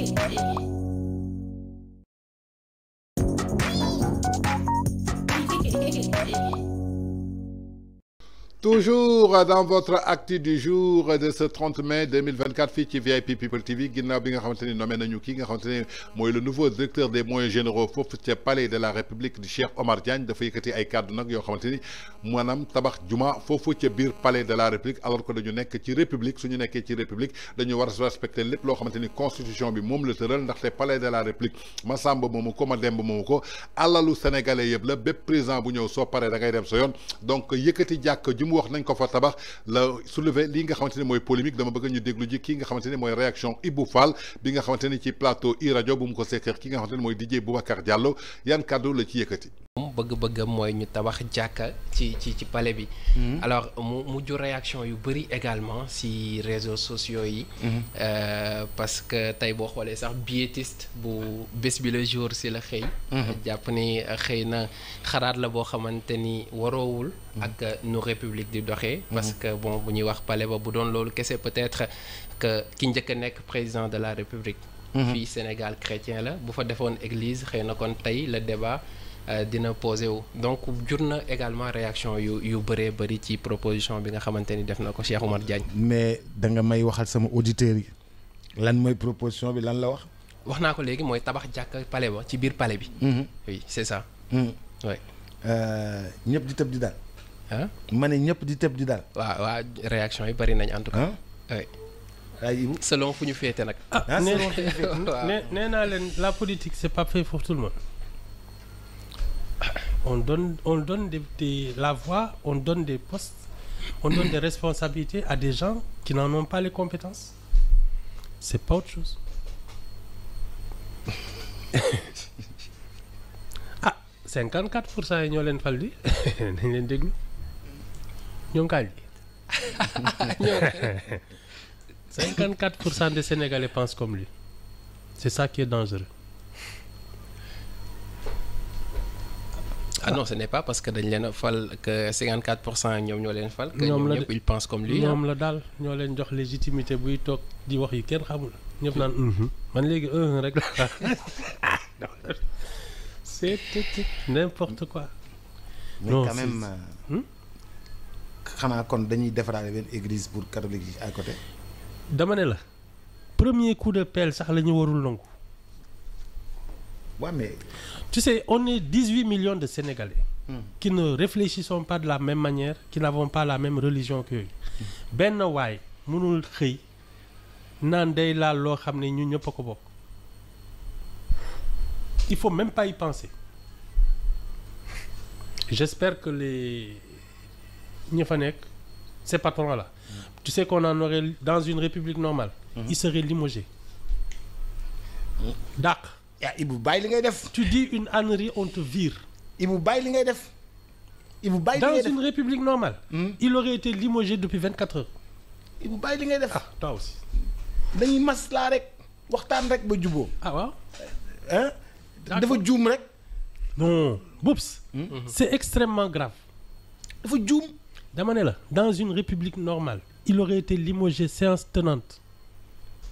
Thank you. toujours dans votre acte du jour de ce 30 mai 2024 Fitch VIP People TV ginnaaw bi nga nommé nañu kii nga le nouveau directeur des moyens généraux foofu palais de la république du chef Omar Diagne de yëkkati ay kàddu nag yoo xamante ni maanaam tabax juma palais de la république alors que dañu nekk ci république suñu nekkee ci république dañu war respecter l'époque loo xamante constitution bi le le tëral le palais de la république ma sàmba moomu ko ma demb ko alalu sénégalais yëpp la bépp président bu ñëw soo paree da ngay dem sa donc mu wax nañ ko fa tabax la soulever li nga xamante ne mooy polémique dama bëgg ñu déglu ji ki nga xamante ne mooy réaction Ibou Fall bi nga xamante ne ci plateau i rajo bu mu ko seqeex ki nga xamante ne mooy DJ Boubacar Diallo yan kàddu la ci yëkkati bëgg bëgg-bëggam mooy ñu tabax jàkka ci ci ci palais bi. Mm-hmm. alors mu mu jur réaction yu bëri également si réseaux sociaux yi. Mm-hmm. Euh, parce que tey boo xoolee sax biétiste bu bés bi le jour si la xëy. Mm-hmm. jàpp ni xëy na xalaat la boo xamante ni waroowul. ak nu république di doxee. parce que bon bu ñuy wax palais ba bu doon loolu kese peut-être que ki njëkk a nekk président de la république. fii Sénégal chrétien la bu fa defoon église xëy na kon tey le débat. Euh, dina posé wu donc jur na également réaction yu yu bëree bëri ci proposition bi nga xamante ni def na ko Cheikh Oumar Diagne. mais da nga may waxal sama auditeur yi lan mooy proposition bi lan la wax. wax naa ko léegi mooy tabax jàkk palais ba ci biir palais bi. Mhm. oui c'est ça. Mhm. oui. Euh, ñëpp di tëb di daal. ah ma ne ñëpp di tëb di daal. waaw waaw réaction yi bëri nañ en tout cas. Hein? oui. selon fu ñu féete nag. ah hein? nee naa leen la politique c'est pas fait pour tout le monde on donne, on donne la voix, on donne des postes, on donne des responsabilités à des gens qui n'en ont pas les compétences. C'est pas autre chose. ah 54 pour des Sénégalais pensent comme lui c'est ça qui est dangereux. ah non ce n'est pas parce que dañ leen fal que 54 ñom cent ñoo leen fal. ñoom la ñëpp ils pensent comme lui. ñom hein. la dal ñoo leen jox légitimité buy tok di wax yu kenn xamul. ñëpp naan mm-hmm. Mm-hmm. man légui euh rek c'est n'importe quoi. mais non, quand même. Euh, hmm? xanaa kon dañuy defaraale benn église pour catholique yi à côté. dama ne la premier coup de pelle sax la ñu warul nangu. Tu sais, on est 18 millions de Sénégalais hmm. qui ne réfléchissent pas de la même manière, qui n'avons pas la même religion qu'eux. Ben Il faut même pas y penser. J'espère que les Nyefanek, ces patrons-là, hmm. tu sais qu'on en aurait, dans une république normale, hmm. ils seraient limogés. D'accord ah Ibou bàyyi ngay def. tu dis une ânerie on te vire. Ibou vous baille ngay def. dans une république normale. Hmm? il aurait été limogé depuis 24 heures. Ibou vous baille ngay def. ah toi aussi. dañuy maslaa rek waxtaan rek ba juboo ah waaw. hein dafa juum rek. non Boubs. Hmm? c'est extrêmement grave. dafa juum. dama ne la dans une république normale. il aurait été limogé séance tenante.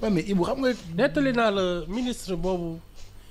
waaw mais Ibou xam nga. nettali naa la ministre boobu.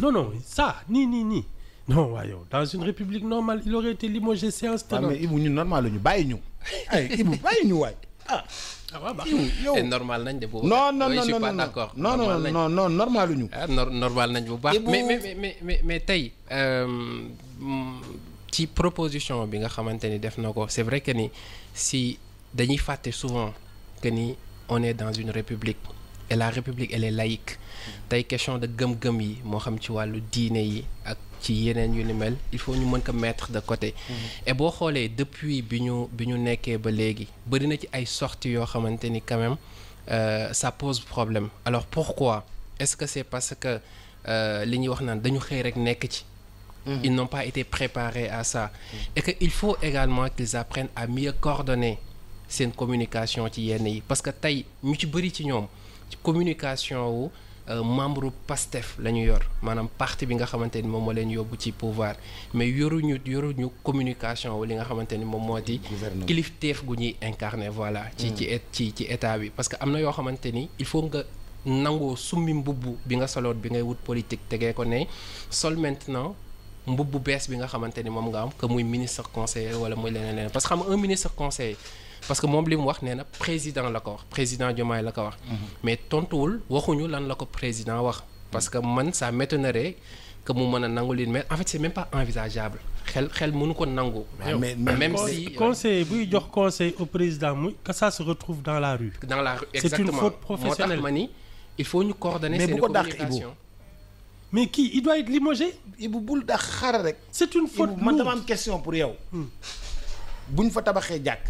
Non, non, ça, ni, ni, ni. Non, voyons, dans une république normale, il aurait été limogé séance ah, mais il nous, normal, eh, normal non non non non non non non normal mais mais mais mais mais mais, euh, mais, proposition c'est vrai que ni si souvent que ni on est dans une république et la république elle est laïque Il question de gum questions yi moo xam ci wàllu diine yi ak ci il faut ñu mën ko mettre de côté. Mm-hmm. et si xoolee depuis que nous sommes ñu nekkee ba léegi bëri na ci sorties quand même euh, ça pose problème alors pourquoi est-ce que c'est parce que euh, les gens wax naan dañu mm-hmm. ils n'ont pas été préparés à ça. Mm-hmm. et que il faut également qu'ils apprennent à mieux coordonner cette communication ci est yi parce que nous, ñu ci ci communication ou euh, membre PASTEF la New yor manam parti bi nga xamanteni mom mo moo leen yóbbu ci pouvoir mais yoruñu yoruñu communication wala nga xamanteni mom modi moo di kilifteef gu ñuy incarné voilà ci ci ci ci état bi parce que amna yo xamanteni il faut nga nango summi mbubb bi nga soloot bi ngay wut politique tege ko ne sol maintenant mbubb bees bi nga xamanteni mom nga am que muy ministre conseiller wala muy leneen leneen parce que xam un ministre conseiller parce que moom li mu wax nee na président la ko wax président Diomaye la ko wax. Mhm. mais tontuwul waxuñu lan la ko président wax. parce que man ça m'étonnerait que mu mën a nangu mais en fait c'est même pas envisageable xel xel mënu ko nangu. Ah, mais même si euh, conseil buy jox conseil au président mu que ça se retrouve dans la rue. dans la rue exactement c'est une faute professionnelle moo tax ma ni il faut ñu coordonner seen mais qui il doit être limogé. Ibou bul dax xar rek. c'est une faute man dama am question pour yow. Hmm. buñ fa tabaxee jàkk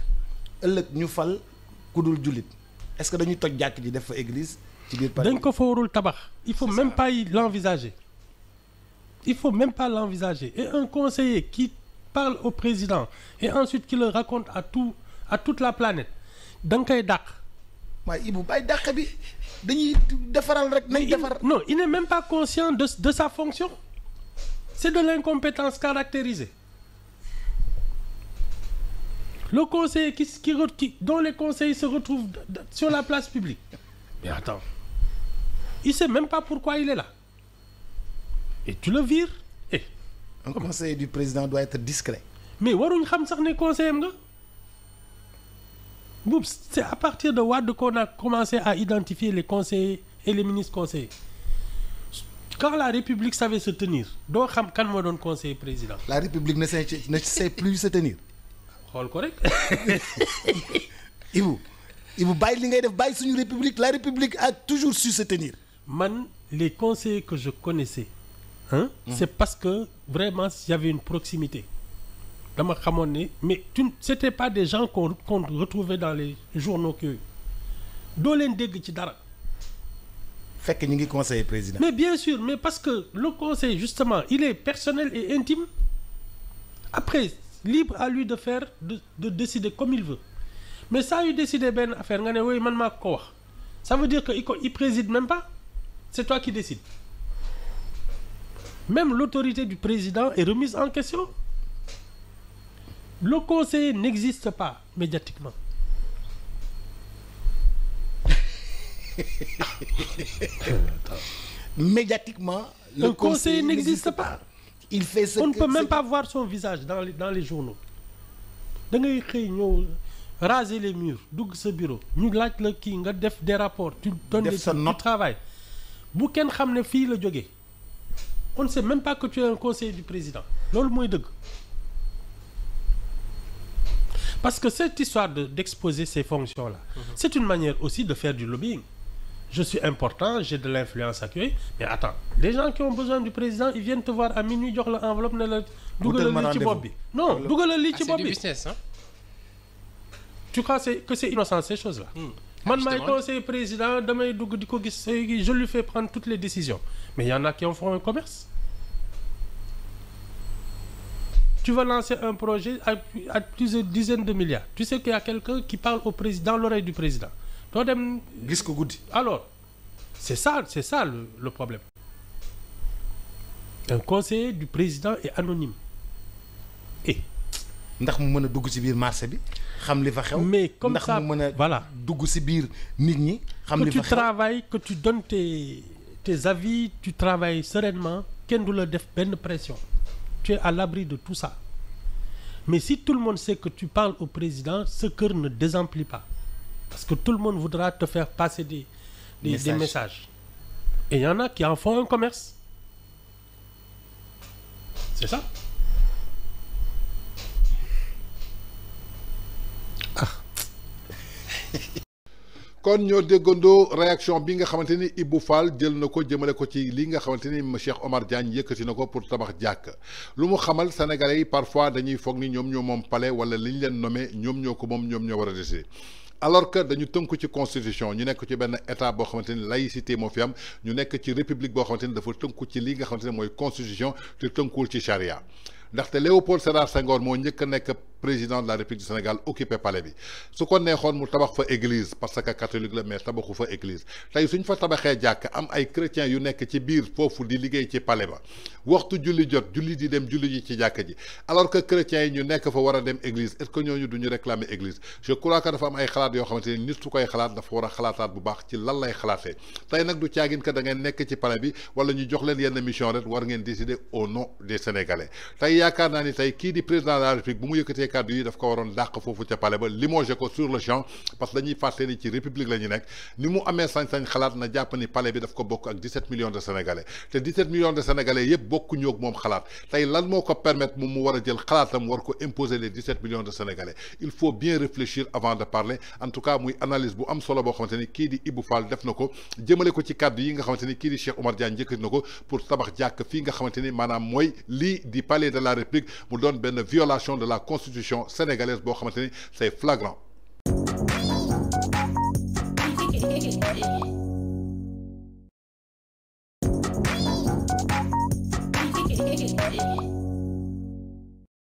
ñu est-ce que église il faut même pas l'envisager il faut même pas l'envisager et un conseiller qui parle au président et ensuite qui le raconte à tout à toute la planète Donc non il n'est même pas conscient de sa fonction c'est de l'incompétence caractérisée le conseiller qui, qui, dont les conseils se retrouvent sur la place publique. Mais attends, il ne sait même pas pourquoi il est là. Et tu le vires. Et... Eh. Un conseiller du président doit être discret. Mais conseiller, c'est à partir de Wad qu'on a commencé à identifier les conseillers et les ministres conseillers. Quand la République savait se tenir, donc quand Kan donne conseiller président. La République ne sait plus se tenir correct ko vous Ibou Ibou li ngay def république la république a toujours su se tenir. man les conseils que je connaissais. Hein, hum. c'est parce que vraiment il y avait une proximité. dama xamone mais tu c'était pas des gens qu'on retrouvait dans les journaux que do len Fait ci dara. ñu président. mais bien sûr mais parce que le conseil justement il est personnel et intime après libre à lui de faire de, décider comme il veut mais ça, il décide bien à faire. ça veut dire qu'il il préside même pas c'est toi qui décides même l'autorité du président est remise en question le conseil n'existe pas médiatiquement médiatiquement le, conseil n'existe pas il fait ce On ne peut même pas voir son visage dans les, dans les journaux. da ngay xëy raser les murs dugg ce bureau ñu laaj la def des rapports. tu donnes des tu travailles bu kenn ne la on ne sait même pas que tu es un conseiller du président loolu mooy dëgg. Parce que cette histoire d'exposer ses fonctions-là, mm-hmm. c'est une manière aussi de faire du lobbying je suis important, j'ai de l'influence accueillie. Mais attends, les gens qui ont besoin du président, ils viennent te voir à minuit, ils l'enveloppe, ils te Bobby. Non, ils te Bobby. business, hein. Tu crois que c'est innocent ces choses-là Moi, hmm. ah, président, je lui fais prendre toutes les décisions. Mais il y en a qui en font un commerce. Tu vas lancer un projet à, à plusieurs dizaines de milliards. Tu sais qu'il y a quelqu'un qui parle au président, l'oreille du président alors c'est ça c'est ça le, problème un conseiller du président est anonyme et. mais comme ça voilà ci que tu travailles que tu donnes tes avis tu travailles sereinement kenn du la def de pression tu es à l'abri de tout ça mais si tout le monde sait que tu parles au président ce cœur ne désemplit pas. Parce que tout le monde voudra te faire passer des, des, Message. des messages. Et il y en a qui en font un commerce. C'est ça ah. kon ñoo déggandoo réaction bi nga xamante ni Ibou Fall jël na ko jëmale ko ci li nga xamante ni Cheikh Omar Diagne yëkkati na ko pour tabax jàkk lu mu xamal sénégalais yi parfois dañuy foog ni ñoom ñoo moom palais wala liñ leen nommé ñoom ñoo ko moom ñoom ñoo war a alors que dañu tënku ci constitution ñu nekk ci benn état boo xamante ni laïcité moo fi am ñu nekk ci république boo xamante ni dafa tënku ci li nga xamante ne mooy constitution te tënkuwul ci charia ndaxte Léopold Sédar sangor moo njëkk nekk président de la république du Sénégal occupé palais bi su ko neexoon mu tabax fa église parce que catholique la mais tabaxu fa église tey suñ fa tabaxee jàkk am ay chrétiens yu nekk ci biir foofu di liggéey ci palais ba waxtu julli jot julli di dem julli ji ci jàkk ji alors que chrétiens yi ñu nekk fa war dem église est-ce que ñooñu duñu réclamer église je crois que dafa am ay xalaat yoo xamante ni nit su koy xalaat dafa war a xalaataat bu baax ci lan lay xalaatee tey nag du caagin que da ngeen nekk ci palais bi wala ñu jox leen yenn mission rek war ngeen décider au nom des sénégalais tey yaakaar naa ni tey kii di président de la république bu mu yëkkatee kàddu daf ko waroon dàq fofu ci palais ba limogé ko sur le champ parce que dañuy fàttali ci république la nek ni mu amé sañ-sañ xalaat na jàpp ni palais bi daf ko bokk ak 17 millions de sénégalais té 17 millions de sénégalais yépp bokkuñu ak mom xalaat tay lan moko permettre moom mu wara jël xalaatam war ko imposer les 17 millions de sénégalais il faut bien réfléchir avant de parler en tout cas muy analyse bu am solo bo xamanteni ki di Ibou Fall def nako jëmele ko ci cadre yi nga xamante ni di Cheikh omar Diagne njëkkati nako pour tabax jak fi nga xamanteni ni moy li di palais de la république mu doon une violation de la constitution Sénégalaises. sénégalaise bo c'est flagrant.